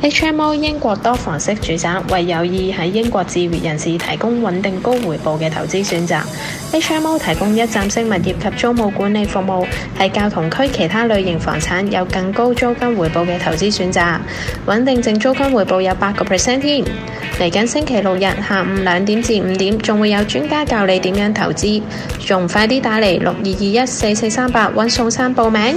HMO 英國多房式住宅為有意喺英國置業人士提供穩定高回報嘅投資選擇。HMO 提供一站式物業及租務管理服務，係教同區其他類型房產有更高租金回報嘅投資選擇，穩定淨租金回報有八個 percent 添。嚟緊星期六日下午兩點至五點，仲會有專家教你資點樣投資，仲快啲打嚟六二二一四四三八搵宋山報名。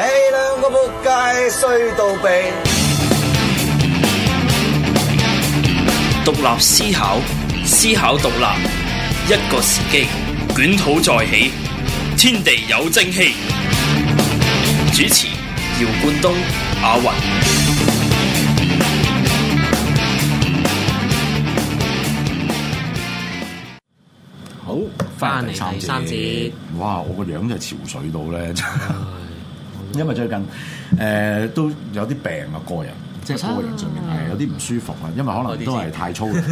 你、hey，兩個仆街衰到痹，獨立思考，思考獨立，一個時機，捲土再起，天地有正氣。主持：姚冠東、阿云。好，翻嚟第三節。哇，我個樣就憔悴到咧！ 因為最近誒、呃、都有啲病啊，個人即係個人上面誒、啊、有啲唔舒服啊，因為可能都係太操勞，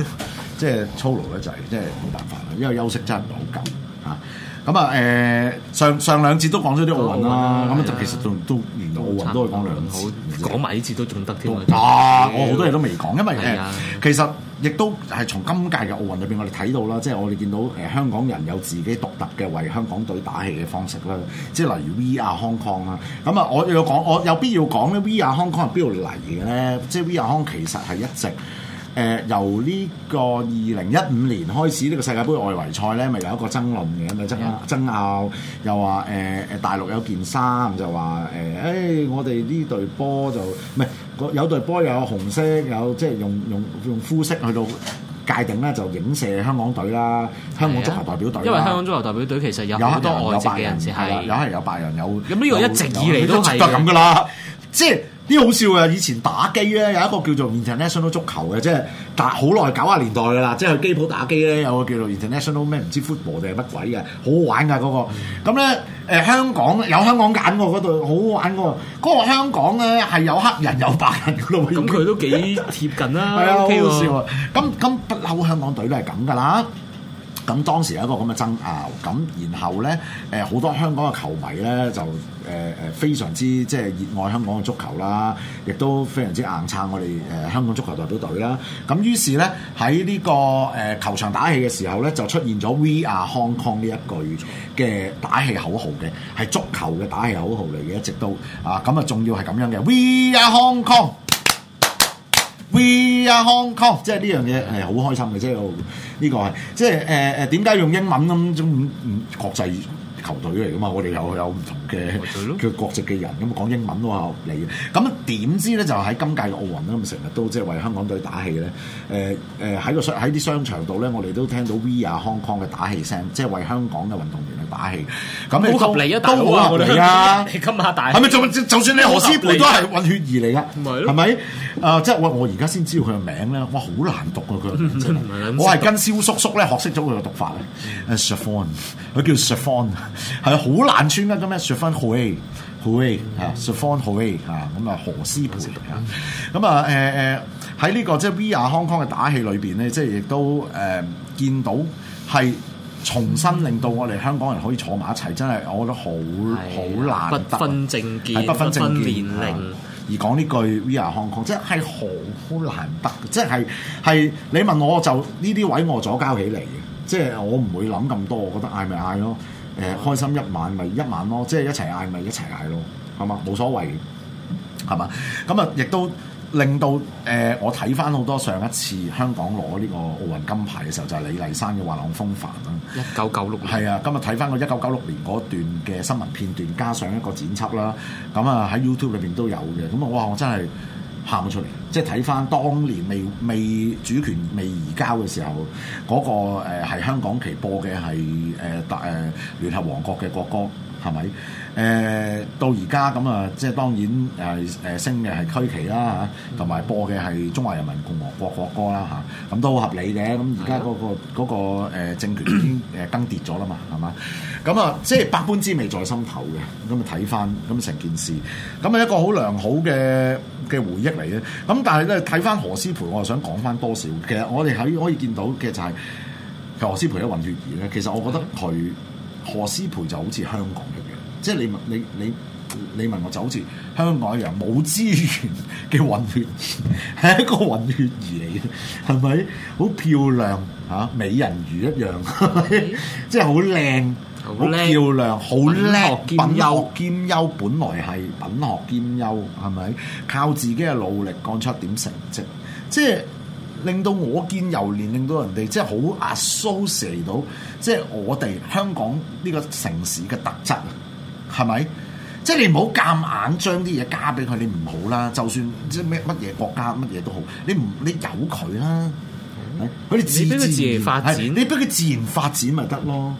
即係操勞得滯，即係冇辦法啦。因為休息真係唔係好夠啊。咁啊誒，上上兩節都講咗啲奧運啦，咁、啊、就其實仲都，都連奧運都可以講兩次，講埋呢節都仲得添啊！我、啊、好、哦、多嘢都未講，因為、啊、其實。亦都係從今屆嘅奧運裏面，我哋睇到啦，即係我哋見到、呃、香港人有自己獨特嘅為香港隊打氣嘅方式啦，即係例如 We are Hong Kong 啦。咁啊，我又要講，我有必要講咧。We are Hong Kong 係邊度嚟嘅咧？即係 We are Hong 其實係一直。誒、呃、由呢個二零一五年開始，呢個世界盃外圍賽咧，咪有一個爭論嘅，咪爭、yeah. 爭拗，又話誒、呃、大陸有件衫就話誒，誒、呃哎、我哋呢隊波就唔係有隊波又有紅色，有即係用用用膚色去到界定咧，就影射香港隊啦，香港足球代表隊啦、yeah.。因為香港足球代表隊其實有好多外籍嘅人士，係有係有白人有人。咁呢個一直以嚟都係咁㗎啦，即啲好笑呀。以前打機咧，有一個叫做 International 足球嘅，即係打好耐九十年代嘅啦，即係去機鋪打機咧，有個叫做 International 咩唔知 football 定係乜鬼嘅，好好玩噶嗰、那個。咁、那、咧、個呃、香港有香港揀過嗰度，好好玩個。嗰、那個香港咧係有黑人有白人嘅咯。咁佢都幾貼近啦。係 啊，okay、幾好笑。咁咁不嬲，香港隊都係咁噶啦。咁當時有一個咁嘅爭拗，咁然後呢，好、呃、多香港嘅球迷呢，就、呃、非常之即係熱愛香港嘅足球啦，亦都非常之硬撐我哋、呃、香港足球代表隊啦。咁於是呢，喺呢個、呃、球場打氣嘅時候呢，就出現咗 We Are Hong Kong 呢一句嘅打氣口號嘅，係足球嘅打氣口號嚟嘅，一直都啊咁啊仲要係咁樣嘅 We Are Hong Kong。We are Hong Kong，即係呢樣嘢係好開心嘅，即係呢、呢個係，係即係，誒誒點解用英文咁中唔唔國際球隊嚟噶嘛？我哋有有唔同嘅嘅國籍嘅人，咁講英文都話合理，咁點知咧就喺今屆嘅奧運咧，咁成日都即係為香港隊打氣咧。誒誒喺個喺啲商場度咧，我哋都聽到 We are Hong Kong 嘅打氣聲，即、就、係、是、為香港嘅運動員去打氣。咁合理嚟啊，都好合理嚟啊！ 今下大係咪？就就算你何詩蓓都係混血兒嚟噶，唔係咪？啊，即係、啊、 我我而家先知道佢嘅名咧，哇！好難讀啊佢。名字 我係跟蕭叔叔咧學識咗佢嘅讀法 Syphonne 佢叫 Syphonne, 係好難穿㗎，今日 Siobhan Haughey，啊，Siobhan Haughey，啊，咁啊何詩蓓啊，咁啊誒誒喺呢個即係 We are Hong Kong 嘅打氣裏邊咧，即係亦都誒、嗯、見到係重新令到我哋香港人可以坐埋一齊，真係我覺得好好、啊、難得，不分政見，不分政見，不分年齡、啊、而講呢句 We are Hong Kong，即係好難得，即係係你問我就呢啲位我左膠起嚟嘅，即、就、係、是、我唔會諗咁多，我覺得嗌咪嗌咯。開心一晚咪一晚咯，即係一齊嗌咪一齊嗌咯，係嘛，冇所謂，係嘛咁啊，亦都令到、呃、我睇翻好多上一次香港攞呢個奧運金牌嘅時候就係、是、李麗珊嘅滑浪風帆啦，一九九六年係啊，今日睇翻個一九九六年嗰段嘅新聞片段加上一個剪輯啦，咁啊喺 YouTube 裏面都有嘅，咁啊哇我真係～喊出嚟，即係睇翻當年未未主權未移交嘅時候，嗰、那個誒係、呃、香港期播嘅係誒大誒聯合王國嘅國歌，係咪？誒到而家咁啊，即係當然誒誒升嘅係區旗啦嚇，同埋播嘅係中華人民共和國國歌啦嚇，咁都好合理嘅。咁而家嗰個嗰個誒政權已經誒更迭咗啦嘛，係嘛？咁啊，即係百般滋味在心頭嘅。咁啊睇翻咁成件事，咁啊一個好良好嘅嘅回憶嚟嘅。咁但係咧睇翻何詩蓓，我又想講翻多少。其實我哋喺可以見到嘅就係，何詩蓓嘅混血兒咧，其實我覺得佢何詩蓓就好似香港嘅。即係你問你你你問我就好似香港一樣冇資源嘅混血兒，係一個混血兒嚟嘅，係咪好漂亮嚇、啊？美人魚一樣，係咪？Okay. 即係好靚，好漂亮，好叻，品學兼優。兼優，本來係品學兼優，係咪靠自己嘅努力幹出點成績？即係令到我見猶憐，令到人哋即係好 associate 到，即係我哋香港呢個城市嘅特質。係咪？即係你唔好夾硬將啲嘢加俾佢，你唔好啦。就算即係咩乜嘢國家乜嘢都好，你唔你由佢啦，佢、嗯、哋自，自，自然發展，你俾佢自然發展咪得咯？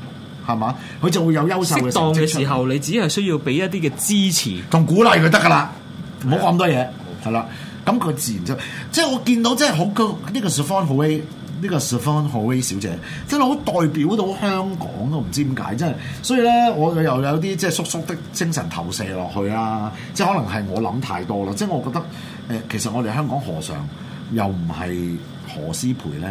係嘛，佢就會有優秀嘅。適當嘅時候，你只係需要俾一啲嘅支持同鼓勵佢得噶啦，唔好講咁多嘢係啦。咁佢自然就即係我見到真，真係好高。呢個是 f u 好 a。呢、這個 Siobhán Haughey 小姐真係好代表到香港都唔知點解，真係，所以咧我又有啲即係叔叔的精神投射落去啦，即係可能係我諗太多啦，即係我覺得誒、呃、其實我哋香港何嘗又唔係何詩蓓咧，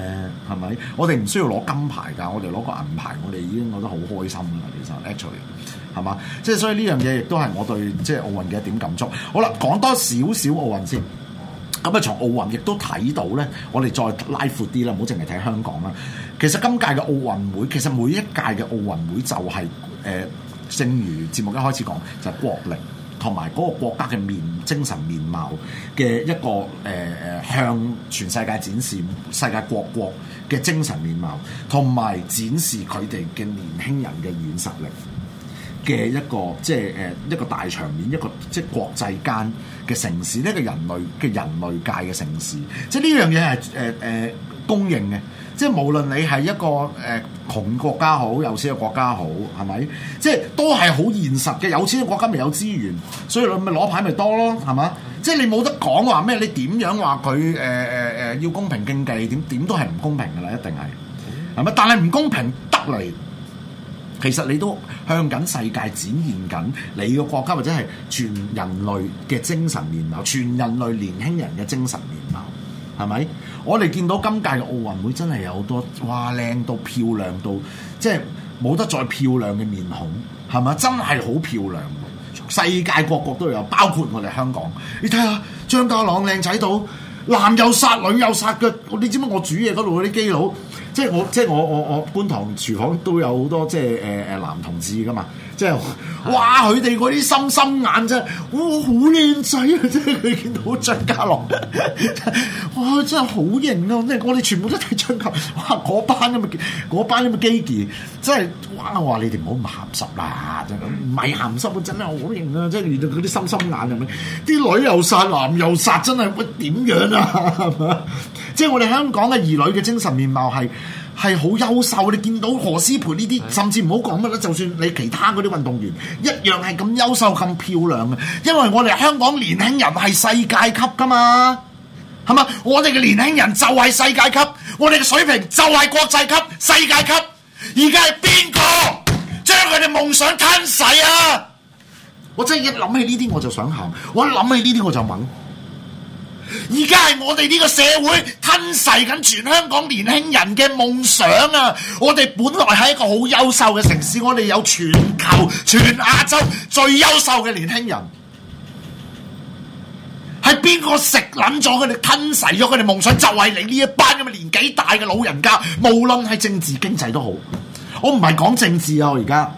係咪？我哋唔需要攞金牌㗎，我哋攞個銀牌，我哋已經覺得好開心啦。其實 actually 係嘛，即係所以呢樣嘢亦都係我對即係奧運嘅一點感觸。好啦，講多少少奧運先。咁啊！從奧運亦都睇到咧，我哋再拉闊啲啦，唔好淨係睇香港啦。其實今屆嘅奧運會，其實每一屆嘅奧運會就係、是、誒、呃，正如節目一開始講，就係、是、國力同埋嗰個國家嘅面精神面貌嘅一個誒誒、呃，向全世界展示世界各國嘅精神面貌，同埋展示佢哋嘅年輕人嘅軟實力嘅一個，即係誒、呃、一個大場面，一個即係國際間。嘅城市，呢個人類嘅人類界嘅城市，即係呢樣嘢係誒誒公認嘅，即係無論你係一個誒、呃、窮國家好，有錢嘅國家好，係咪？即係都係好現實嘅。有錢嘅國家咪有資源，所以你咪攞牌咪多咯，係嘛？即係你冇得講話咩？你點樣話佢誒誒誒要公平競技？點點都係唔公平㗎啦，一定係，係咪？但係唔公平得嚟，其實你都向緊世界展現緊你個國家或者係全人類嘅精神面貌，全人類年輕人嘅精神面貌，係咪？我哋見到今屆嘅奧運會真係有好多哇，靚到漂亮到，即係冇得再漂亮嘅面孔，係咪？真係好漂亮，世界各國都有，包括我哋香港。你睇下張家朗靚仔到，男又殺，女又殺腳，你知唔知我煮嘢嗰度嗰啲基佬？即係我，即係我，我我觀塘廚房都有好多即係誒誒男同志㗎嘛。即係，哇！佢哋嗰啲心心眼真係，哇！好靚仔啊！即係佢見到張家朗，哇！真係好型咯！啊！即係我哋全部都睇張家朗，哇！嗰班咁嘅，嗰班咁嘅基健，真係哇！話你哋唔好咁鹹濕啦，真係唔係鹹濕，真係好型啊！即係遇到佢啲心心眼，係咪？啲女又殺男又殺，真係喂，點樣啊？即係我哋香港嘅兒女嘅精神面貌係。係好優秀，你見到何詩蓓呢啲，甚至唔好講乜啦，就算你其他嗰啲運動員一樣係咁優秀、咁漂亮嘅，因為我哋香港年輕人係世界級噶嘛，係嘛？我哋嘅年輕人就係世界級，我哋嘅水平就係國際級、世界級。而家係邊個將佢哋夢想吞噬啊？我真係一諗起呢啲我就想喊，我一諗起呢啲我就猛。而家係我哋呢個社會。吞噬緊全香港年輕人嘅夢想啊！我哋本來係一個好優秀嘅城市，我哋有全球、全亞洲最優秀嘅年輕人，係邊個食諗咗佢哋吞噬咗佢哋夢想？就係、是、你呢一班咁嘅年紀大嘅老人家，無論係政治經濟都好，我唔係講政治啊！我而家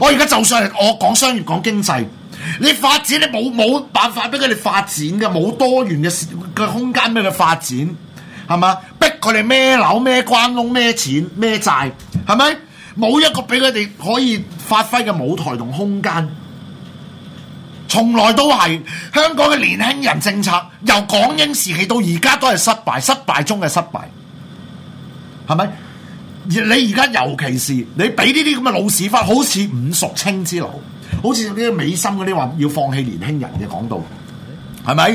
我而家就算係我講商業講經濟，你發展你冇冇辦法俾佢哋發展嘅，冇多元嘅嘅空間俾佢發展。係嘛？逼佢哋咩樓、咩關窿、咩錢、咩債，係咪？冇一個俾佢哋可以發揮嘅舞台同空間，從來都係香港嘅年輕人政策，由港英時期到而家都係失敗，失敗中嘅失敗，係咪？而你而家尤其是你俾呢啲咁嘅老屎忽，好似伍淑清之流，好似呢啲美心嗰啲話要放棄年輕人嘅講道。係咪？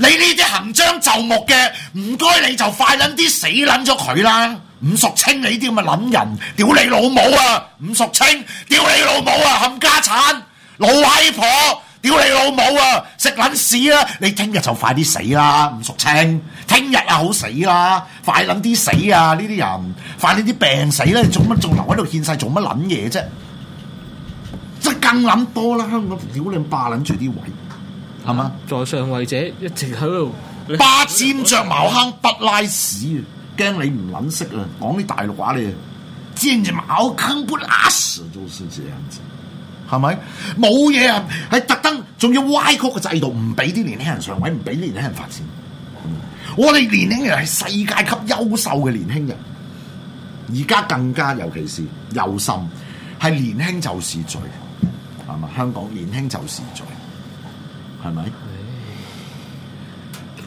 你呢啲行將就木嘅，唔該你就快捻啲死捻咗佢啦！伍淑清，你啲咁嘅捻人，屌你老母啊！伍淑清，屌你老母啊！冚家產，老閪婆婆，屌你老母啊！食捻屎啦，啊！你聽日就快啲死啦！伍淑清，聽日啊好死啦！快捻啲死啊！呢啲人，快撚啲病死啦！你做乜仲留喺度獻世做乜捻嘢啫？即係更捻多啦！香港，屌你霸捻住啲位。係嘛，在上位者一直喺度霸佔着茅坑 不拉屎啊！驚你唔撚識啊！講啲大陸話你啊，佔住茅坑不拉屎都是這樣子，係咪？冇嘢啊！喺特登，仲要歪曲嘅制度，唔俾啲年輕人上位，唔俾啲年輕人發展。我哋年輕人係世界級優秀嘅年輕人，而家更加尤其是尤甚，係年輕就是罪，係嘛？香港年輕就是罪。係咪？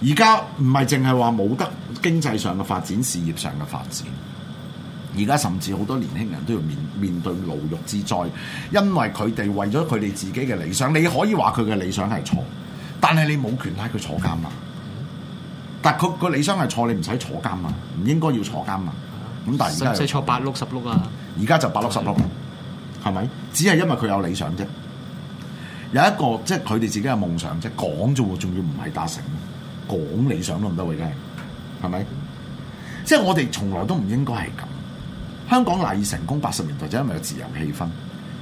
而家唔係淨係話冇得經濟上嘅發展，事業上嘅發展。而家甚至好多年輕人都要面面對牢獄之災，因為佢哋為咗佢哋自己嘅理想。你可以話佢嘅理想係錯，但係你冇權拉佢坐監啊！但係佢個理想係錯，你唔使坐監啊，唔應該要坐監啊。咁但係而家，使唔使坐八六十碌啊？而家就八六十碌，係咪？只係因為佢有理想啫。有一個即係佢哋自己嘅夢想，即係講啫喎，仲要唔係達成，講理想都唔得嘅，真係，係咪？即係我哋從來都唔應該係咁。香港賴以成功八十年代就因為有自由氣氛，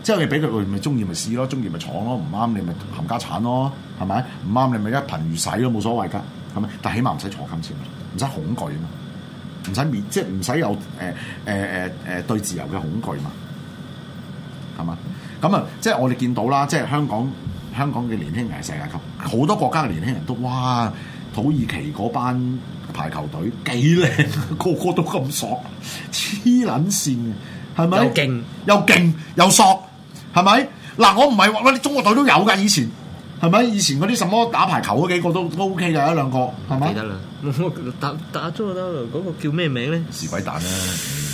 即係你俾佢，佢咪中意咪試咯，中意咪闖咯，唔啱你咪冚家鏟咯，係咪？唔啱你咪一貧如洗咯，冇所謂㗎，係咪？但起碼唔使坐監先，唔使恐懼啊嘛，唔使滅，即係唔使有誒誒誒誒對自由嘅恐懼嘛，係嘛？咁啊，即係我哋見到啦，即係香港香港嘅年輕人係世界級，好多國家嘅年輕人都哇，土耳其嗰班排球隊幾靚，啊，個個都咁索，黐撚線嘅，係咪？又勁又勁又索，係咪？嗱，我唔係話咩，中國隊都有㗎，以前係咪？以前嗰啲什麼打排球嗰幾個都都 OK 㗎，一兩個係咪？記得啦，打打中國啦，嗰、那個叫咩名咧？是鬼蛋啦，啊！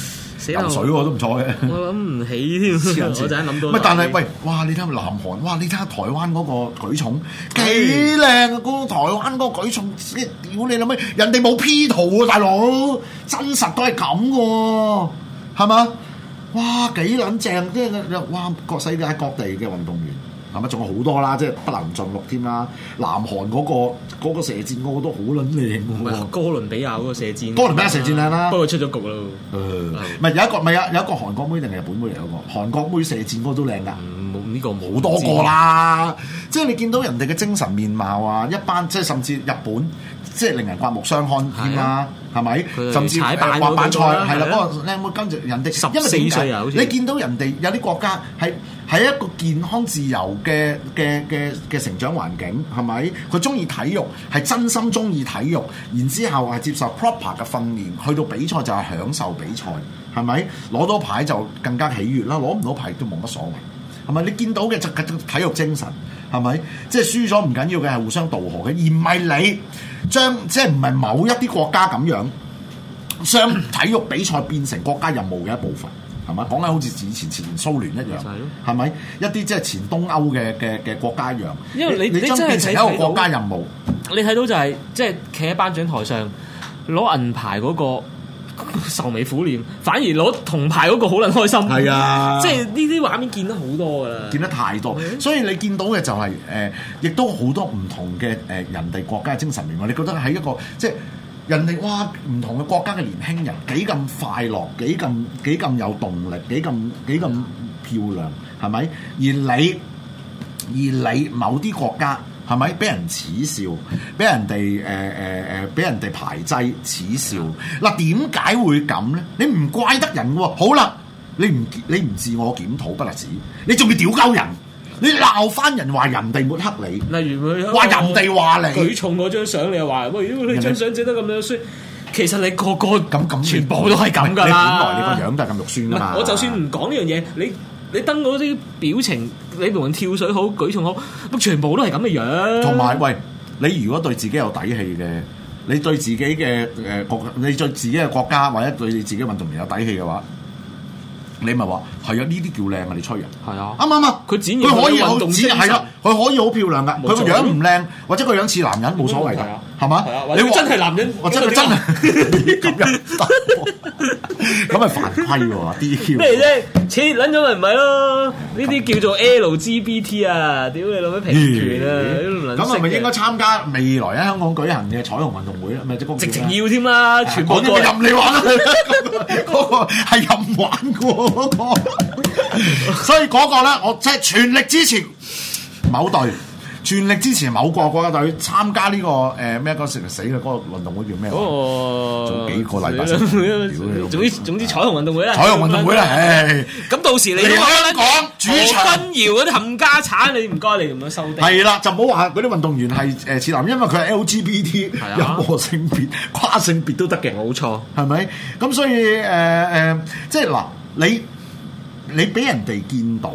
咸水，我都唔錯嘅，我諗唔起添。人真係諗到。唔 但係喂，哇！你睇下南韓，哇！你睇下台灣嗰個舉重幾靚啊！嗰、嗯、台灣嗰舉重，屌你老味，人哋冇 P 圖啊，大佬，真實都係咁嘅，係嘛？哇！幾撚正即係哇！世界各地各地嘅運動員。咁咪仲有好多啦？即係不能盡錄添啦！南韓嗰、嗰個射箭，我、嗰個、都好撚靚嘅。哥倫比亞嗰個射箭、啊，哥倫比亞射箭靚啦，不過出咗局啦。唔、嗯、係、嗯、有一個，唔係有有一個韓國妹定係日本妹嚟？有一個韓國妹射箭、嗰個，我都靚㗎、啊。呢、嗯呢個冇多個啦，即係你見到人哋嘅精神面貌啊，一班即係甚至日本，即係令人刮目相看添、啊、啦。係咪？甚至滑板、呃、賽係啦，嗰個靚妹跟住人哋。十四歲啊，為為好似你見到人哋有啲國家係係一個健康自由嘅嘅嘅嘅成長環境，係咪？佢中意體育係真心中意體育，然之後係接受 proper 嘅訓練，去到比賽就係享受比賽，係咪？攞到牌就更加喜悅啦，攞唔到牌都冇乜所謂。係咪？你見到嘅就個體育精神係咪？即係、就係、輸咗唔緊要嘅係互相道賀嘅，而唔係你。將即係唔係某一啲國家咁樣，將體育比賽變成國家任務嘅一部分，係咪？講緊好似以前前蘇聯一樣，係咪？一啲即係前東歐嘅嘅嘅國家一樣？因為你你真係變成一個國家任務，你睇到就係即係企喺頒獎台上攞銀牌嗰個。愁眉苦臉，反而攞銅牌嗰個好撚開心的。係啊，即係呢啲畫面見得好多噶啦，見得太多。欸、所以你見到嘅就係、是、誒、呃，亦都好多唔同嘅誒、呃、人哋國家嘅精神面貌。你覺得喺一個即係人哋哇唔同嘅國家嘅年輕人幾咁快樂，幾咁幾咁有動力，幾咁幾咁漂亮，係咪？而你而你某啲國家。係咪俾人恥笑？俾人哋誒誒誒，俾、呃呃、人哋排擠恥笑？嗱，點解會咁咧？你唔怪得人喎。好啦，你唔你唔自我檢討不立止，你仲要屌鳩人，你鬧翻人話人哋抹黑你。例如佢話人哋話你舉重嗰張相，你又話喂，如果你張相整得咁樣衰，其實你個個咁咁，全部都係咁噶你本來？你個樣都係咁肉酸噶嘛。我就算唔講呢樣嘢，你。你登嗰啲表情，你無論跳水好舉重好，全部都係咁嘅樣的、啊。同埋，喂，你如果對自己有底氣嘅，你對自己嘅誒國，你對自己嘅國家或者對你自己的運動員有底氣嘅話，你咪話係啊？呢啲叫靚啊！你吹人係啊？啱唔啱？佢展，佢可以好展，係咯，佢可以好、啊、漂亮噶。佢個樣唔靚，或者個樣似男人冇所謂噶。係嘛？你、啊、真係男人，我真係真啊！咁 咪 犯規喎？DQ 咩啫？切，捻咗咪唔係咯？呢啲叫做 LGBT 啊？屌你老味評斷啊？咁係咪應該參加未來喺香港舉行嘅彩虹運動會咧？咪直情要添啦、啊！全部都任你玩嗰 個係任玩個， 所以嗰個咧，我即係全力支持某隊。全力支持某個國家隊參加呢、這個誒咩嗰時死嘅嗰、那個運動會叫咩？仲、哦、幾個禮拜？ 總之 總之彩虹運動會啦。彩虹運動會啦，咁、欸、到時你都講主君耀嗰啲冚家產，你唔該你咁樣收啲。係啦，就唔好話嗰啲運動員係誒似男，因為佢係 LGBT，是、啊、有個性別跨性別都得嘅。冇錯，係咪？咁所以、呃呃、即係嗱，你你俾人哋見到。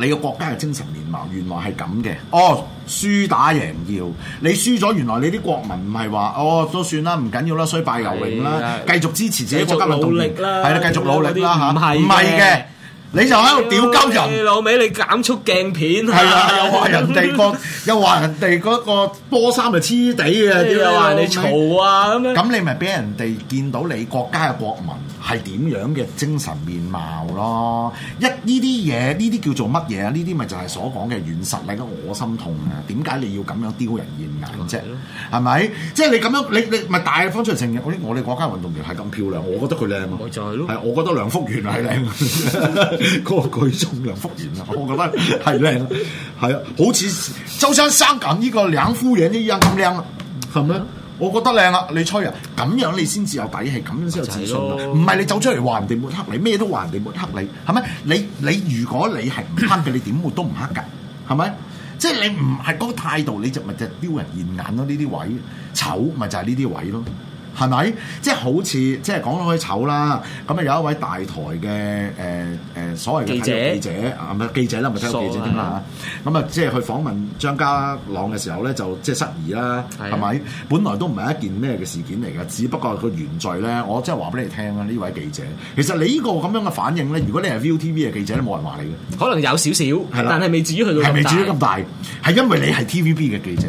你個國家嘅精神面貌原來係咁嘅，哦，輸打贏要你輸咗，原來你啲國民唔係話，哦都算啦，唔緊要啦，衰敗游泳啦，繼續支持自己的國家運動員啦，係啦，繼續努力啦，吓，唔係唔係嘅，你就喺度屌鳩人，老味，你減速鏡片，係啊，又話人哋 個是的是的，又話人哋嗰個波衫係黐地嘅，又話你嘈啊咁樣，咁你咪俾人哋見到你國家嘅國民。係點樣嘅精神面貌咯？一呢啲嘢，呢啲叫做乜嘢啊？呢啲咪就係所講嘅軟實力，令我心痛啊！點解你要咁樣丟人現眼啫？係、就、咪、是？即、就、係、是、你咁樣，你你咪大方出嚟承認我哋國家運動員係咁漂亮，我覺得佢靚咯，就係、是、咯，係我覺得梁福元係靚，嗰、就是、 句中梁福元啊，我覺得係靚，係啊，好似周生生緊呢個梁夫人呢樣咁靚啊，係咩？是我覺得靚啦，你吹啊！咁樣你先至有底氣，咁樣先有自信咯。唔係你走出嚟話人哋抹黑你，咩都話人哋抹黑你，係咪？你你如果你係唔黑嘅，你點都唔黑㗎，係咪？即係你唔係嗰個態度，你就咪就丟人現眼咯。呢啲位醜咪就係呢啲位咯。係咪？即係好似即係講開醜啦。咁啊，有一位大台嘅誒誒所謂嘅記者記者啊，唔係記者啦，唔係聽記者先啦。咁啊，即係去訪問張家朗嘅時候咧，就即係失儀啦。係咪、啊？本來都唔係一件咩嘅事件嚟嘅，只不過個原罪咧，我即係話俾你聽啊！呢位記者，其實你呢個咁樣嘅反應咧，如果你係 Viu TV 嘅記者咧，都冇人話你嘅。可能有少少係啦，但係未至於佢係未至於咁大，係因為你係 TVB 嘅記者。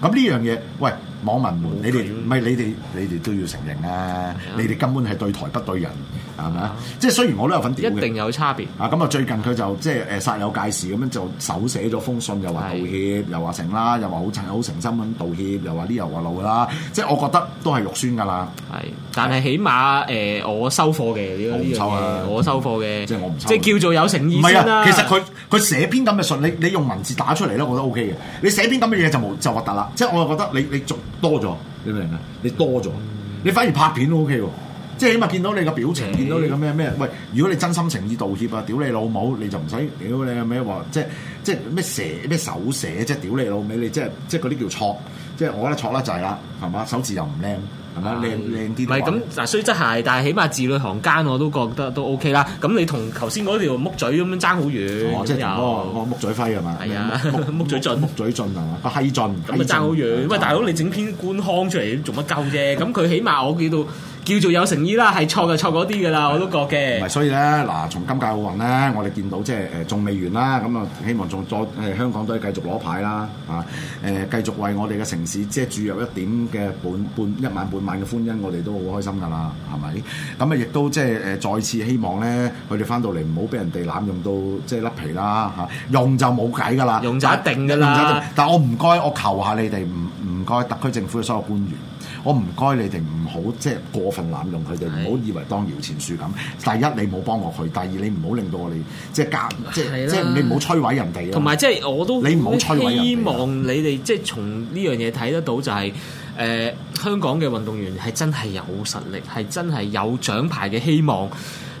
咁呢樣嘢，喂？網民們，你哋唔係你哋，你哋都要承認啦、啊，你哋根本係對台不對人。係咪啊？即係雖然我都有份，一定有差別啊！咁啊，最近佢就即係誒煞有介事，咁樣就手寫咗封信，又話道，道歉，又話成啦，又話好好誠心咁道歉，又話呢，又話老啦。即係我覺得都係肉酸噶啦。係，但係起碼誒、呃，我收貨嘅呢、呢個我，、啊呢個、我收啊、貨、嗯、嘅，即、就、係、是、我唔即係叫做有誠意先啦。唔係啊，其實佢佢寫篇咁嘅信，你你用文字打出嚟咧，我覺得 OK 嘅。你寫篇咁嘅嘢就冇就核突啦。即係我又覺得你你做多咗，你明唔明啊？你多咗，你反而拍片都 OK 喎。即係起碼見到你個表情，見到你個咩咩？喂，如果你真心誠意道歉啊，屌你老母，你就唔使屌你咩話，即係即係咩蛇咩手蛇，即係屌你老味。你即係即係嗰啲叫錯，即係我覺得錯得滯就係啦，係嘛？手字又唔靚，係嘛？靚靚啲。唔係咁嗱，雖則係，但係起碼字裏行間我都覺得都 OK 啦。咁你同頭先嗰條木嘴咁樣爭好遠，有、哦嗰個木、嗰個、嘴輝係嘛？係啊，木嘴俊？木嘴俊？係嘛？閪俊？咁啊爭好遠。喂大佬，你整篇官腔出嚟做乜鳩啫？咁佢起碼我見到。叫做有誠意啦，係錯就錯嗰啲噶啦，我都覺嘅、啊。唔係，所以咧嗱，從今屆奧運咧，我哋見到即係誒仲未完啦，咁啊希望仲再誒香港都係繼續攞牌啦，嚇、啊、誒、呃、繼續為我哋嘅城市即係注入一點嘅半半一晚半晚嘅歡欣，我哋都好開心噶啦，係咪？咁啊亦都即係誒再次希望咧，佢哋翻到嚟唔好俾人哋濫用到即係甩皮啦嚇、啊，用就冇計噶啦，用就一定噶啦，但定。但係我唔該，我求下你哋，唔唔該特區政府嘅所有官員。我唔該你哋，唔好即係過分濫用佢哋，唔好以為當搖錢樹咁。第一，你冇幫我佢；第二，你唔好令到我哋即係加，即係你唔好摧毀人哋。同埋即係我都，你唔好摧毀人。希望你哋即係從呢樣嘢睇得到，就係，呃，香港嘅運動員係真係有實力，係真係有獎牌嘅希望。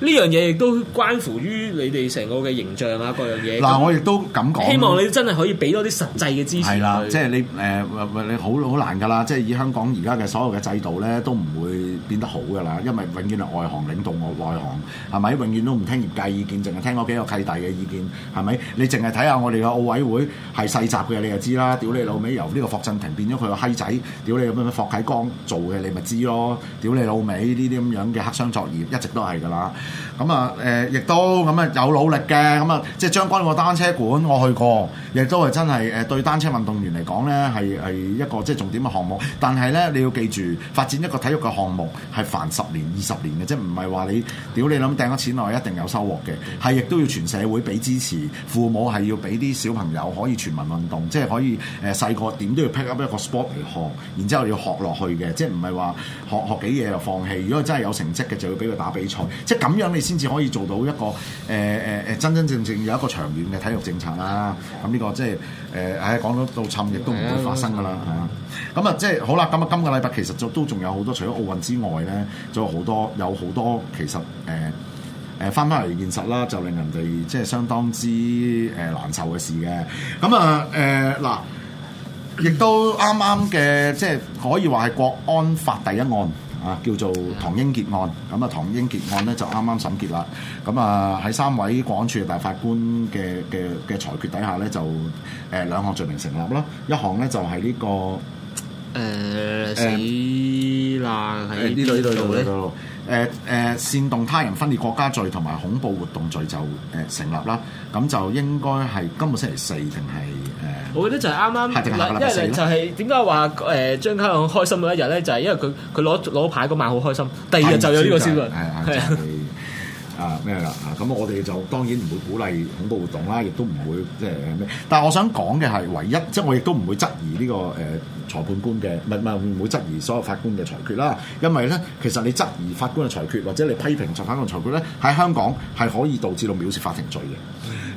呢樣嘢亦都關乎於你哋成個嘅形象啊，各樣嘢。嗱，我亦都咁講。希望你真係可以俾多啲實際嘅支持是。係、呃、啦，即係你誒，你好好難㗎啦！即係以香港而家嘅所有嘅制度咧，都唔會變得好㗎啦，因為永遠係外行領導外行，係、嗯、咪？永遠都唔聽業界意見，淨係聽嗰幾個契弟嘅意見，係咪？你淨係睇下我哋嘅奧委會係世襲嘅，你就知啦。屌、嗯、你老尾，由呢個霍震霆變咗佢個閪仔，屌你咁樣霍啟剛做嘅，你咪知咯。屌、嗯、你老味，呢啲咁樣嘅黑箱作業一直都係㗎啦。咁、嗯、啊，亦都咁啊，有努力嘅，咁、嗯、啊，即係將軍個單車館，我去過，亦都係真係對單車運動員嚟講咧，係一個即係重點嘅項目。但係咧，你要記住，發展一個體育嘅項目係煩十年二十年嘅，即係唔係話你屌你諗掟咗錢落去一定有收穫嘅，係亦都要全社會俾支持，父母係要俾啲小朋友可以全民運動，即係可以誒細個點都要 pick up 一個 sport 嚟學，然之後要學落去嘅，即係唔係話學學幾嘢就放棄。如果真係有成績嘅，就要俾佢打比賽。即係咁。咁樣你先至可以做到一個誒誒誒真真正正有一個長遠嘅體育政策啦、啊。咁呢個即係誒誒講到到滲亦都唔會發生噶啦嚇。咁、哎、啊，即、嗯、係好啦。咁啊，今個禮拜其實就都仲有好多，除咗奧運之外咧，仲有好多有好多其實誒誒返返嚟現實啦，就令人哋即係相當之誒難受嘅事嘅。咁啊誒嗱，亦、呃呃、都啱啱嘅即係可以話係國安法第一案。啊，叫做唐英傑案，咁啊，唐英傑案咧就啱啱審結啦。咁啊，喺三位港柱大法官嘅嘅嘅裁決底下咧，就誒、呃、兩項罪名成立啦。一項咧就係呢、呢個誒、呃呃、死啦喺呢度咧，誒誒煽動他人分裂國家罪同埋恐怖活動罪就誒、呃、成立啦。咁就應該係今日星期四定係？我覺得就係啱啱因為就係點解話誒張家朗開心嗰一日咧，就係、是、因為佢佢攞攞牌嗰晚好開心，第二日就有呢個消息，係啊咩啦啊？咁、啊啊、我哋就當然唔會鼓勵恐怖活動啦，亦都唔會即係咩。但係我想講嘅係唯一，即、就、係、是、我亦都唔會質疑呢、這個誒、呃、裁判官嘅，唔唔會質疑所有法官嘅裁決啦。因為咧，其實你質疑法官嘅裁決，或者你批評裁判官嘅裁決咧，喺香港係可以導致到藐視法庭罪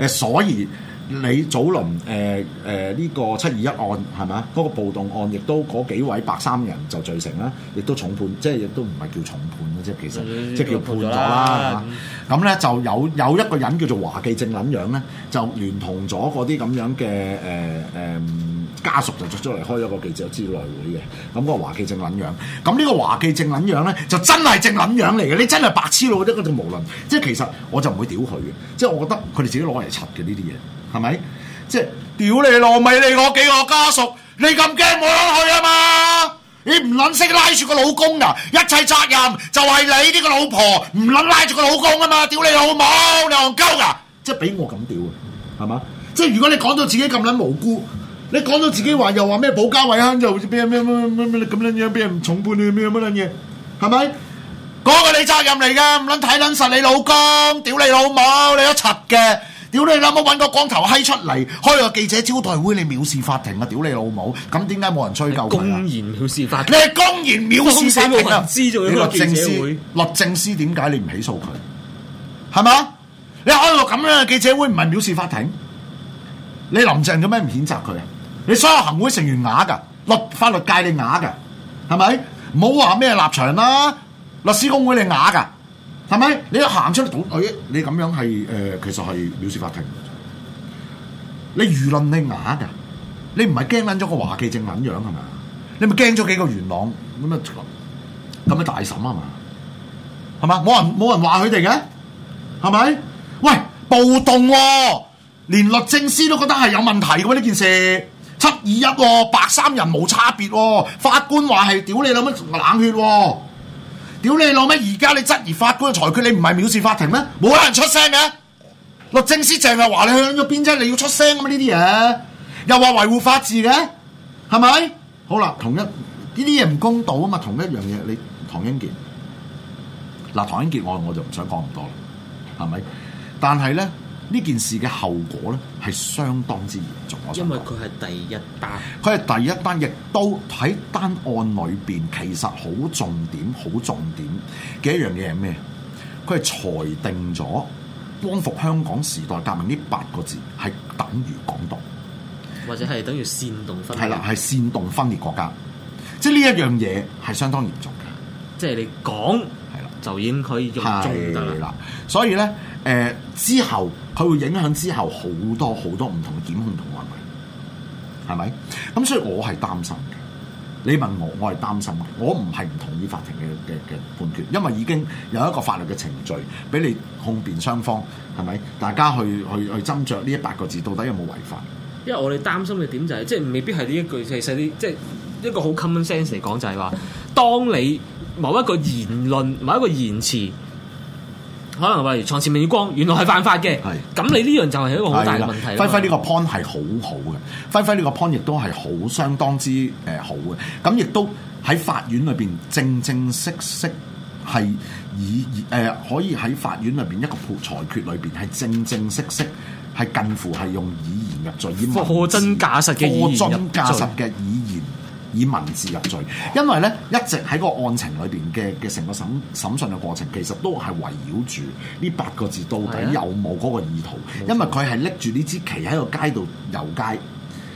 嘅。誒，所以。你早輪誒誒呢個七二一案係咪？嗰、那個暴動案亦都嗰幾位白衫人就罪成啦，亦都重判，即係亦都唔係叫重判即係其實、嗯、即係叫判咗啦。咁、嗯、咧就有有一個人叫做華記正撚樣咧，就聯同咗嗰啲咁樣嘅誒、呃呃、家屬，就出咗嚟開咗個記者招待會嘅。咁、那個華記正撚樣，咁呢個華記正撚樣咧就真係正撚樣嚟嘅，你真係白痴佬啫！嗰陣無論即係其實我就唔會屌佢嘅，即係我覺得佢哋自己攞嚟擦嘅呢啲嘢。係咪？即係屌你老味！你我幾個家屬，你咁驚冇攞去啊嘛？你唔撚識拉住個老公噶？一切責任就係你呢個老婆唔撚拉住個老公啊嘛！屌你老母，你戇鳩噶！即係俾我咁屌啊，係嘛？即係如果你講到自己咁撚無辜，你講到自己話又話咩保家衛鄉，又好似咩咩咩咩咁樣樣，俾人重判你咩乜撚嘢？係咪？嗰個你責任嚟噶，唔撚睇撚實你老公，屌你老母，你一柒嘅。屌你老母搵個光頭閪出嚟開個記者招待會？你藐視法庭啊！屌你老母！咁點解冇人追究佢啊？你公然藐視法庭，你係公然藐視法庭啊！你律政，律政司，律政司點解你唔起訴佢？係嘛？你開個咁樣嘅記者會唔係藐視法庭？你林鄭做咩唔譴責佢啊？你所有行會成員啞噶，律法律界你啞噶，係咪？唔好話咩立場啦，律師公會你啞噶。係咪？你一行出嚟搗佢，你咁樣係誒、呃，其實係藐視法庭你輿論。你輿論你啞噶，你唔係驚捻咗個華記正捻樣係嘛？你咪驚咗幾個元朗咁樣咁樣大嬸係嘛？係嘛？冇人冇人話佢哋嘅係咪？喂，暴動哦、啊！連律政司都覺得係有問題嘅咩、啊？呢件事七二一哦，百三、啊、人冇差別哦、啊。法官話係屌你老母冷血哦、啊。屌你老味！而家你質疑法官裁決，你唔係藐視法庭咩？冇可能出聲嘅。律政司淨係話你去咗邊啫？你要出聲啊嘛！呢啲嘢又話維護法治嘅，係咪？好啦，同一呢啲嘢唔公道啊嘛！同一樣嘢，你唐英傑嗱，唐英傑我我就唔想講咁多啦，係咪？但係咧。呢件事嘅後果咧，係相當之嚴重的。因為佢係第一單，佢係第一單，亦都喺單案裏邊其實好重點、好重點嘅一樣嘢係咩？佢係裁定咗，光復香港時代革命呢八個字係等於港獨，或者係等於煽動分裂。係啦，係煽動分裂國家。即係呢一樣嘢係相當嚴重嘅。即係你講係啦，就已經可以入罪啦。所以咧。誒之後，佢會影響之後好多好多唔同嘅檢控同案例，係咪？咁所以我係擔心嘅。你問我，我係擔心嘅。我唔係唔同意法庭嘅嘅嘅判決，因為已經有一個法律嘅程序俾你控辯雙方，係咪？大家去去去斟酌呢一八個字到底有冇違法？因為我哋擔心嘅點就係，即係未必係呢一句，其實啲即係一個好 common sense 嚟講，就係話，當你某一個言論，某一個言詞。可能喂床前明月光，原來係犯法嘅。咁你呢樣就係一個好大嘅問題。輝輝呢個 point 係好好嘅，輝輝呢個 point 亦都係好輝輝相當之好嘅。咁亦都喺法院裏面正正式式係以、呃、可以喺法院裏面一個裁決裏面係正正式式，係近乎係用語言入罪，以貨真價實嘅語嘅語言。以文字入罪，因為咧一直喺個案情裏邊嘅嘅成個審審訊嘅過程，其實都係圍繞住呢八個字到底有冇嗰個意圖，是啊、因為佢係拎住呢支旗喺個街度遊街，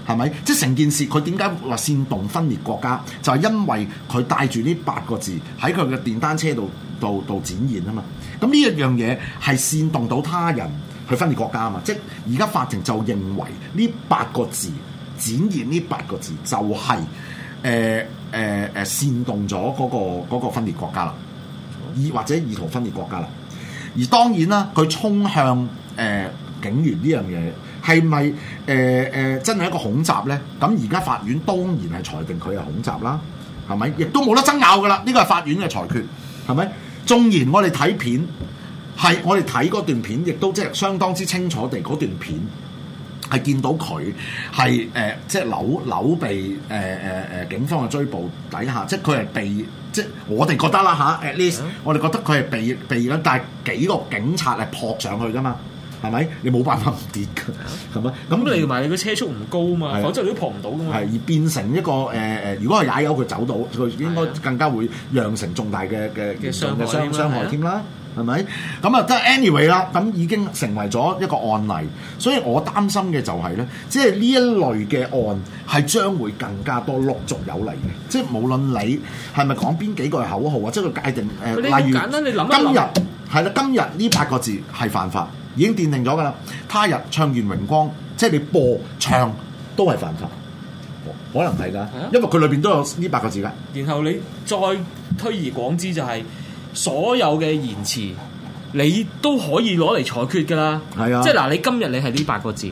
係咪？即係成件事佢點解話煽動分裂國家？就係、是、因為佢帶住呢八個字喺佢嘅電單車度度度展現啊嘛。咁呢一樣嘢係煽動到他人去分裂國家啊嘛。即係而家法庭就認為呢八個字展現呢八個字就係、是。誒誒誒煽動咗嗰、嗰個嗰個分裂國家啦，意或者意圖分裂國家啦。而當然啦，佢衝向誒、呃、警員呢樣嘢係咪誒誒真係一個恐襲咧？咁而家法院當然係裁定佢係恐襲啦，係咪？亦都冇得爭拗㗎喇，呢個係法院嘅裁決，係咪？縱然我哋睇片，係我哋睇嗰段片，亦都即係相當之清楚地嗰段片。係見到佢係誒，即係扭扭被誒誒誒警方嘅追捕底下，即係佢係被即係我哋覺得啦吓 at least 我哋覺得佢係被被啦，但係幾個警察係撲上去㗎、啊、嘛，係咪？你冇辦法唔跌㗎，係咪？咁嚟埋你個車速唔高啊嘛，否則你都撲唔到㗎嘛。係而變成一個誒誒、呃，如果係踩油，佢走到，佢應該更加會釀成重大嘅嘅嘅傷害添啦。係咪？咁啊、anyway，即係 anyway 啦。咁已經成為咗一個案例，所以我擔心嘅就係、是、咧，即係呢一類嘅案係將會更加多陸續有嚟嘅。即係無論你係咪講邊幾個口號啊，即係佢界定誒、呃，例如你想想今日係啦，今日呢八個字係犯法，已經奠定咗噶啦。他日唱完榮光，即係你播唱都係犯法，可能係㗎，因為佢裏邊都有呢八個字㗎、啊。然後你再推而廣之，就係、是。所有嘅言辭，你都可以攞嚟裁決㗎啦。係啊，即係嗱，你今日你係呢八個字，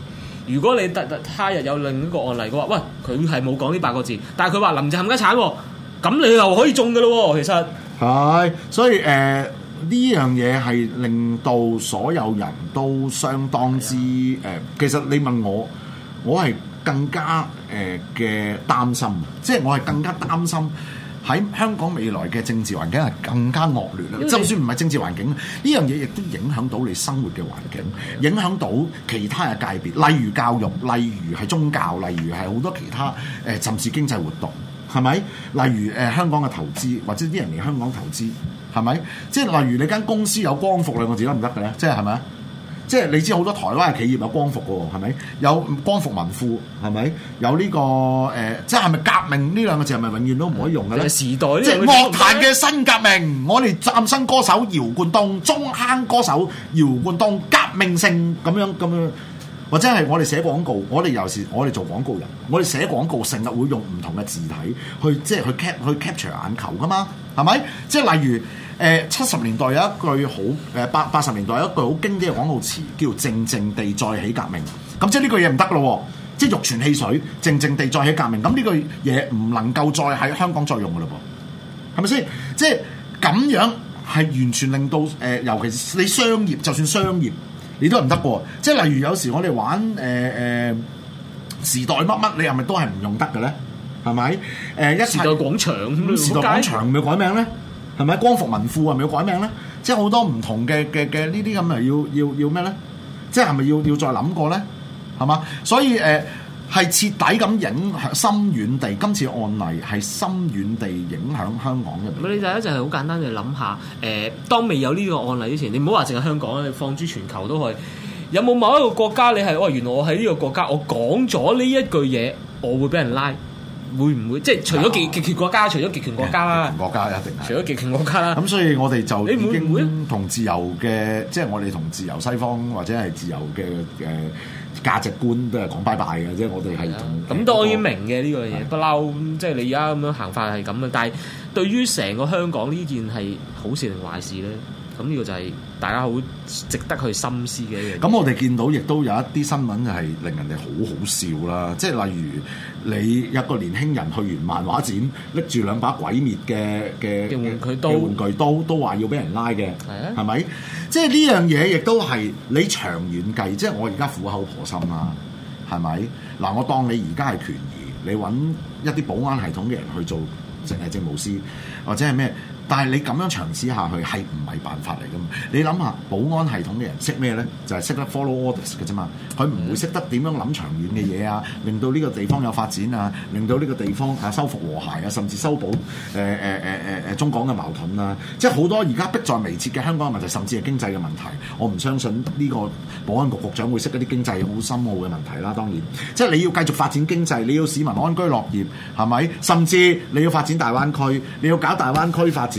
如果你特特他日有另一個案例嘅話，喂，佢係冇講呢八個字，但係佢話林鄭冚家鏟喎，咁你又可以中㗎喇喎。其實係，所以誒呢樣嘢係令到所有人都相當之誒。其實你問我，我係更加誒嘅擔心，即係我係更加擔心。喺香港未來嘅政治環境係更加惡劣啦，就算唔係政治環境，呢樣嘢亦都影響到你生活嘅環境，影響到其他嘅界別，例如教育，例如係宗教，例如係好多其他誒，甚至經濟活動，係咪？例如香港嘅投資，或者啲人嚟香港投資，係咪？即係例如你間公司有光復兩個字得唔得嘅咧？即係係咪？即係你知好多台灣嘅企業有光復嘅喎，係咪有光復文庫，係咪有呢、呢個誒、呃？即係係咪革命呢兩個字係咪永遠都唔可以用嘅咧？即係時代的即係樂壇嘅新革命，我哋嶄新歌手姚冠東、中坑歌手姚冠東革命性咁樣咁樣，或者係我哋寫廣告，我哋又係我哋做廣告人，我哋寫廣告成日會用唔同嘅字體去即係去 cap 去 capture 眼球噶嘛，係咪？即係例如。誒七十年代有一句好誒八八十年代有一句好經典嘅廣告詞，叫做靜靜地再起革命。咁即係呢句嘢唔得咯，即係玉泉汽水靜靜地再起革命。咁呢句嘢唔能夠再喺香港再用嘅嘞噃，係咪先？即係咁樣係完全令到誒，尤其是你商業，就算商業你都唔得噃。即係例如有時我哋玩誒誒、呃、時代乜乜，你係咪都係唔用得嘅咧？係咪誒？一時代廣場，時代廣場會改名咧？係咪光復民富，係咪要改名咧？即係好多唔同嘅嘅嘅呢啲咁啊，要要要咩咧？即係係咪要要再諗過咧？係嘛？所以誒係、呃、徹底咁影響，深遠地。今次案例係深遠地影響香港入邊。你大家就一直係好簡單地諗下誒，當未有呢個案例之前，你唔好話淨係香港啊，你放諸全球都去。有冇某一個國家你係哦？原來我喺呢個國家，我講咗呢一句嘢，我會俾人拉。會唔會即係除咗極極權國家，哦、除咗極權國家啦，極權國家一定係。除咗極權國家啦。咁所以我哋就已經同自由嘅，即係我哋同自由西方或者係自由嘅誒、呃、價值觀都係講拜拜嘅即係。我哋係咁當然明嘅呢、呢個嘢不嬲，即係你而家咁樣行法係咁嘅。但係對於成個香港呢件係好事定壞事咧？咁呢個就係大家好值得去深思嘅一樣。咁我哋見到亦都有一啲新聞係令人哋好好笑啦，即係例如你一個年輕人去完漫畫展，拎住兩把鬼滅嘅嘅嘅玩具刀，都話要俾人拉嘅，係啊，係咪？即係呢樣嘢亦都係你長遠計，即係我而家苦口婆心啦、啊，係咪？嗱，我當你而家係權宜，你揾一啲保安系統嘅人去做，淨係政務司或者係咩？但係你咁樣嘗試下去係唔係辦法嚟㗎？你諗下，保安系統嘅人識咩呢？就係識得 follow orders 㗎啫嘛。佢唔會識得點樣諗長遠嘅嘢啊，令到呢個地方有發展啊，令到呢個地方嚇修復和諧啊，甚至修補誒誒誒誒中港嘅矛盾啊。即係好多而家迫在眉睫嘅香港嘅問題，甚至係經濟嘅問題。我唔相信呢個保安局局長會識一啲經濟好深奧嘅問題啦。當然，即係你要繼續發展經濟，你要市民安居樂業，係咪？甚至你要發展大灣區，你要搞大灣區發展。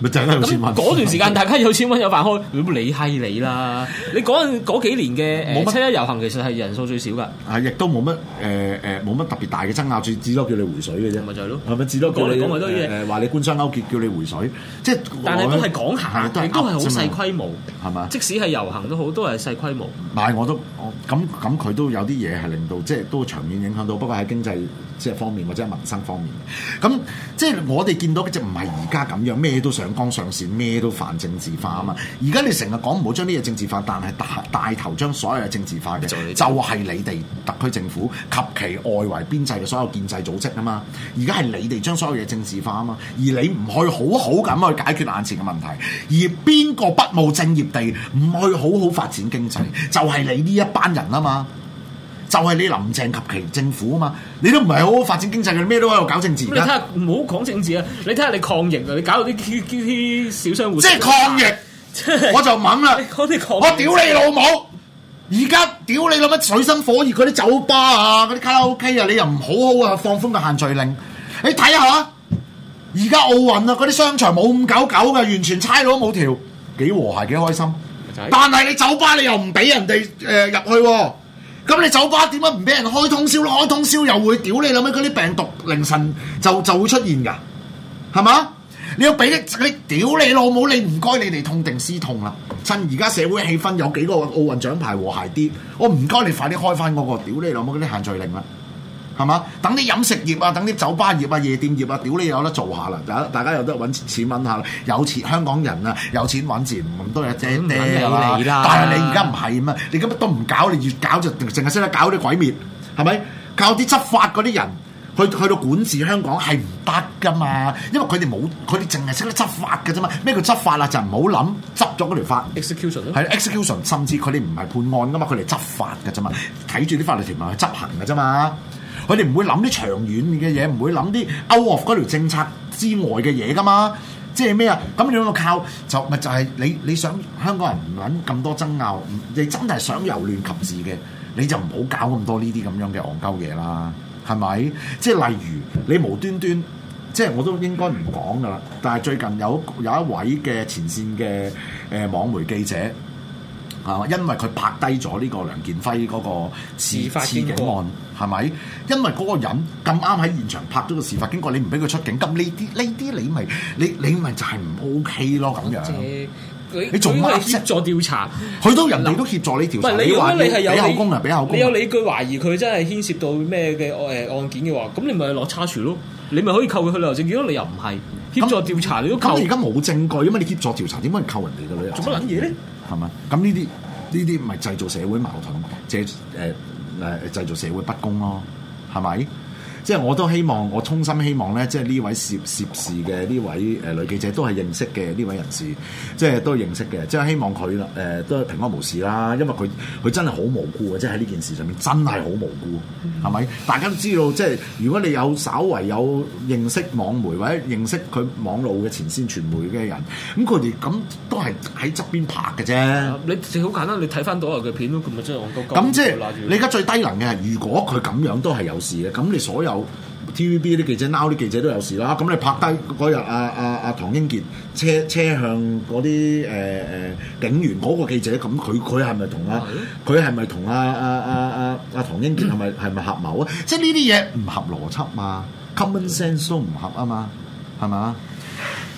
咪就係啦！咁嗰段時間，大家有錢揾有，有飯開， 你係你啦。你嗰陣幾年嘅冇七一遊行，其實係人數最少噶。啊，亦都冇乜誒誒，冇、呃、乜特別大嘅爭拗，只最多叫你回水嘅啫。咪就係咯，係咪至多講你誒話你，你，你官商勾結，叫你回水。即係，但係都係講行，都係都係好細規模，係嘛？即使係遊行都好，都係細規模。唔係我都，我咁咁佢都有啲嘢係令到，即係都長遠影響到，不過喺經濟。即係方面或者民生方面嘅，咁即係我哋見到嘅，就唔係而家咁樣，咩都上綱上線，咩都反政治化啊嘛。而家你成日講唔好將呢嘢政治化，但係大大頭將所有嘅政治化嘅，就係你哋特區政府及其外圍編制嘅所有建制組織啊嘛。而家係你哋將所有嘢政治化啊嘛，而你唔去好好咁去解決眼前嘅問題，而邊個不務正業地唔去好好發展經濟，就係你呢一班人啊嘛。就係、是、你林鄭及其政府啊嘛，你都唔係好好發展經濟嘅，咩都喺度搞政治。你睇下，唔好講政治啊！你睇下你抗疫啊，你搞到啲啲小商戶即係抗疫， 我就猛啦！我屌你老母！而家屌你老母水深火熱嗰啲酒吧啊，嗰啲卡拉 OK 啊，你又唔好好啊放寬個限聚令。你睇下，而家奧運啊，嗰啲，啊、商場冇咁九九嘅，完全差佬冇條，幾和諧幾開心。但係你酒吧你又唔俾人哋誒入去，啊。咁你酒吧點解唔俾人開通宵咯？開通宵又會屌你老咩？嗰啲病毒，凌晨就就會出現㗎，係嘛？你要俾啲屌你老母，你唔該你哋痛定思痛啦。趁而家社會氣氛有幾個奧運獎牌和諧啲，我唔該你快啲開翻、那、嗰個屌你老母嗰啲限聚令啦。係嘛？等啲飲食業啊，等啲酒吧業啊、夜店業啊，屌你有得做下啦！大大家有得揾錢揾下啦，有錢香港人啊，有錢揾字唔咁多嘢整你啦，但係你而家唔係嘛？你根本都唔搞，你越搞就淨係識得搞啲鬼滅，係咪？搞、嗯、啲執法嗰啲人去去到管治香港係唔得噶嘛？因為佢哋冇，佢哋淨係識得執法嘅啫嘛。咩叫執法啊？就唔好諗執咗嗰條法。Execution 係 Execution，甚至佢哋唔係判案噶嘛，佢哋執法嘅啫嘛，睇住啲法律條文去執行嘅啫嘛。佢哋唔會諗啲長遠嘅嘢，唔會諗啲 out of 嗰條政策之外嘅嘢噶嘛？即係咩啊？咁、就係、你兩個靠就咪就係你你想香港人唔諗咁多爭拗，你真係想由亂及治嘅，你就唔好搞咁多呢啲咁樣嘅戇鳩嘢啦，係咪？即係例如你無端端，即係我都應該唔講噶啦。但係最近有有一位嘅前線嘅誒網媒記者，係、啊、因為佢拍低咗呢個梁建輝嗰個刺刺警案。係咪？因為嗰個人咁啱喺現場拍咗個事發經過，你不你，你唔俾佢出境，咁呢啲呢啲你咪你你咪就係唔 OK 咯咁樣。你做乜協助調查？佢都人哋都協助呢條。唔、嗯、係，你如果你係有口供口供，你有你句懷疑佢真係牽涉到咩嘅誒案件嘅話，咁你咪落差處咯。你咪可以扣佢去旅遊證，如果你又唔係協助調查，你都咁。你而家冇證據啊嘛？你協助調查點解扣人哋嘅旅遊咧？做乜撚嘢咧？係咪？咁呢啲呢啲咪製造社會矛盾？即係誒。呃誒，製造社會不公咯，係咪？即係我都希望，我衷心希望咧，即係呢位涉涉事嘅呢位、呃、女記者都係認識嘅呢位人士，即係都係認識嘅，即係希望佢誒、呃、都係平安無事啦。因為佢佢真係好無辜嘅，即係喺呢件事上面真係好無辜，係、嗯、咪？大家都知道，即係如果你有稍為有認識網媒或者認識佢網絡嘅前線傳媒嘅人，咁佢哋咁都係喺側邊拍嘅啫、啊。你最好簡單，你睇翻到佢嘅片咯，佢咪即係我個。咁即係你而家最低能嘅，如果佢咁樣都係有事嘅，咁你所有。TVB 啲記者 Now 啲記者都有事啦，咁你拍低嗰日阿阿阿唐英傑車車向嗰啲誒誒警員嗰個記者，咁佢佢係咪同阿佢係咪同阿阿阿阿阿唐英傑係咪係咪合謀啊、嗯？即係呢啲嘢唔合邏輯嘛、嗯，common sense 都唔合啊嘛，係咪、嗯？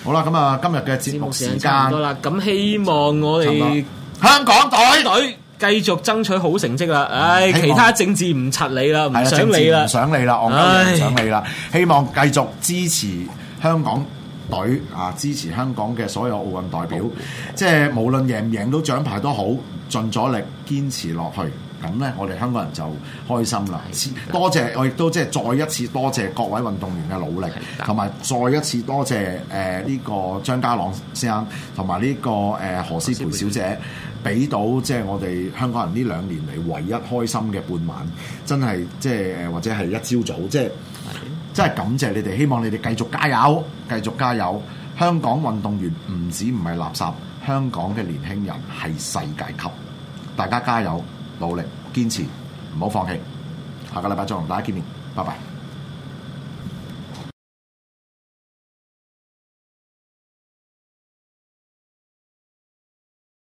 好啦，咁啊今日嘅節目時間目時間差唔多啦，咁希望我哋香港隊隊。繼續爭取好成績啦！唉，其他政治唔柒你啦，唔想你啦，唔、啊、想你啦，我、嗯、唔、嗯、想你啦！希望繼續支持香港隊啊，支持香港嘅所有奧運代表，即係無論贏唔贏都獎牌都好，盡咗力堅持落去，咁呢，我哋香港人就開心啦！多謝我亦都即係再一次多謝各位運動員嘅努力，同埋再一次多謝誒呢、呃這個張家朗先生同埋呢個誒、呃、何詩蓓小姐。俾到即係我哋香港人呢兩年嚟唯一開心嘅半晚，真係即係或者係一朝早,早，即係真係感謝你哋，希望你哋繼續加油，繼續加油。香港運動員唔止唔係垃圾，香港嘅年輕人係世界級，大家加油，努力堅持，唔好放棄。下個禮拜再同大家見面，拜拜。